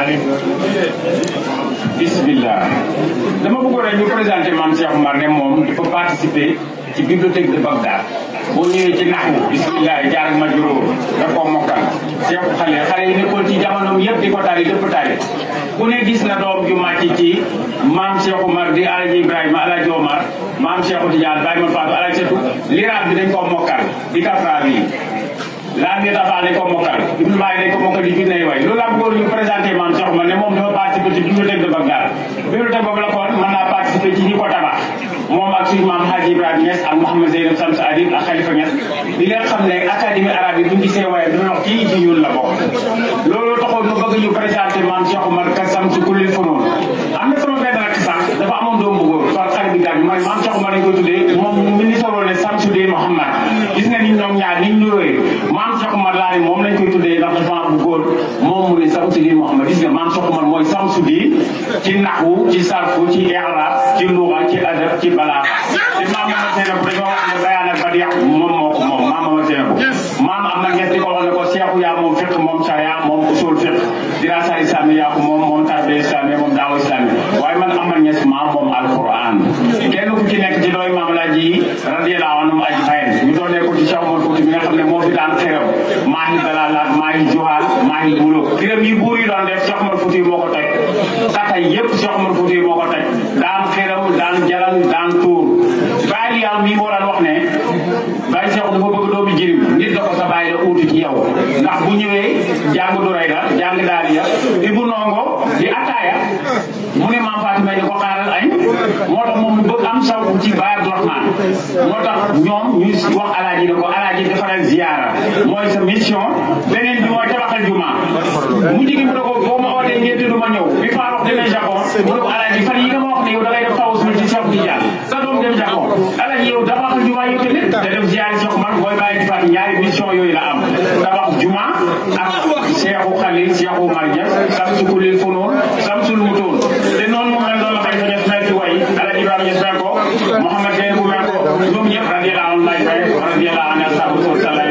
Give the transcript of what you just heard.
aleykum bismillah dama bëggoon rek ñu présenté maam Cheikh Oumar ne moom dafa participer ci bibliothèque de Bagdad boo ñëwee ci naxu bismillah jaar ak majuróor da ko mokkal Cheikh xale xale yi nekkoon ci jamonoom yëpp ko tari lépp tari ku ne gis na doom ju màcc ci maam Cheikh Oumar di alaji Ibrahima alaji Omar maam Cheikh Tidiane Baye Mal Fatou alaji Setou liraat bi dañ ko mokkal di kafra bi laa ne dafa ne ko mokkal ibnu Baye dañ ko mokkal suñu maam Hadji Ibrahima Niass ak Mouhamed Zeynab Samsa Adib ak Khalifa Niass di leen xam ne académie arabe yi buñ gisee waaye dina wax kii ci ñun la bokk loolu taxoon ma bëgg ñu présenté maam Cheikh Oumar Kassam ci kuréel fanoonu am na sama benn rakk sax dafa amoon doom bu góor fa xarit bi gàddu mooy maam Cheikh Oumar lañ ko tuddee moom mi ni soloo ne Samsudee Mouhamad gis nga ni ñoom ñaar niñ ñuróoye maam Cheikh Oumar laa ne moom lañ koy tuddee ndax dafa bu góor moom mu ne Samsudee Mouhamad gis nga maam Cheikh Oumar mooy Samsudee ci naxwu ci sarfu ci i'raab ci luuxa ci adab ci balaaxa te maam Mama Seynabou dañoo wax ne bayaan ak badiya moom moo ko moom maam Mama Seynabou maam am na ñetti koo xam ne ko seexu yaa moom fiq moom sa yaa moom usul fiq dirasa islami yaa ko moom moom tarbe islami moom daawa islami waaye man am na ñes maam moom alquran kenn ku ci nekk ci dooy maam laa ji radiyallahu anhum ajmaïn ñu doonee ko ci Cheikh Omar Fouti mi nga xam ne moo fi daan xerew maa ngi dalalaat maa ngi juhaal maa ngi buloo kiram yi buur yi doon def Cheikh Omar Fouti moo ko toj kata yëpp Cheikh Omar Fouti moo ko toj jirim nit la ko sa bàyyi la uuti ci yow ndax bu ñëwee jàng duray la jàng daali ya di bu nongo di ataaya mu ne maam Fatima di ko xaaral añ moo tax moom mu bëgg am saw ci Baay Abdourahmane moo tax ñoom ñuy wax alaaji ne ko alaaji defaral ziyaara mooy sa mission beneen bi mooy tabaxal juma mu jigi mu ne ko boo ma ootee ngeen tudd ma ñëw bi faa wax demee Japon mu ne ko alaaji fan yi nga ma wax ne yow da ngay def taw suñu ci Cheikh Tidiane sa doom dem Japon alaaji yow dafa am juma yow tamit da def ziyaara la am tabax juma ak Cheikhou Khalil Cheikh Oumar Dia samsuku lil funoon samsul mutoon te noonu mu mel noonu la xalifa ñes mel ci way alaji Ibrahima ñes mel ko Mouhamed Deen bu mel ko ñoom ñëpp radiyallahu anhu lay fay radiyallahu anhu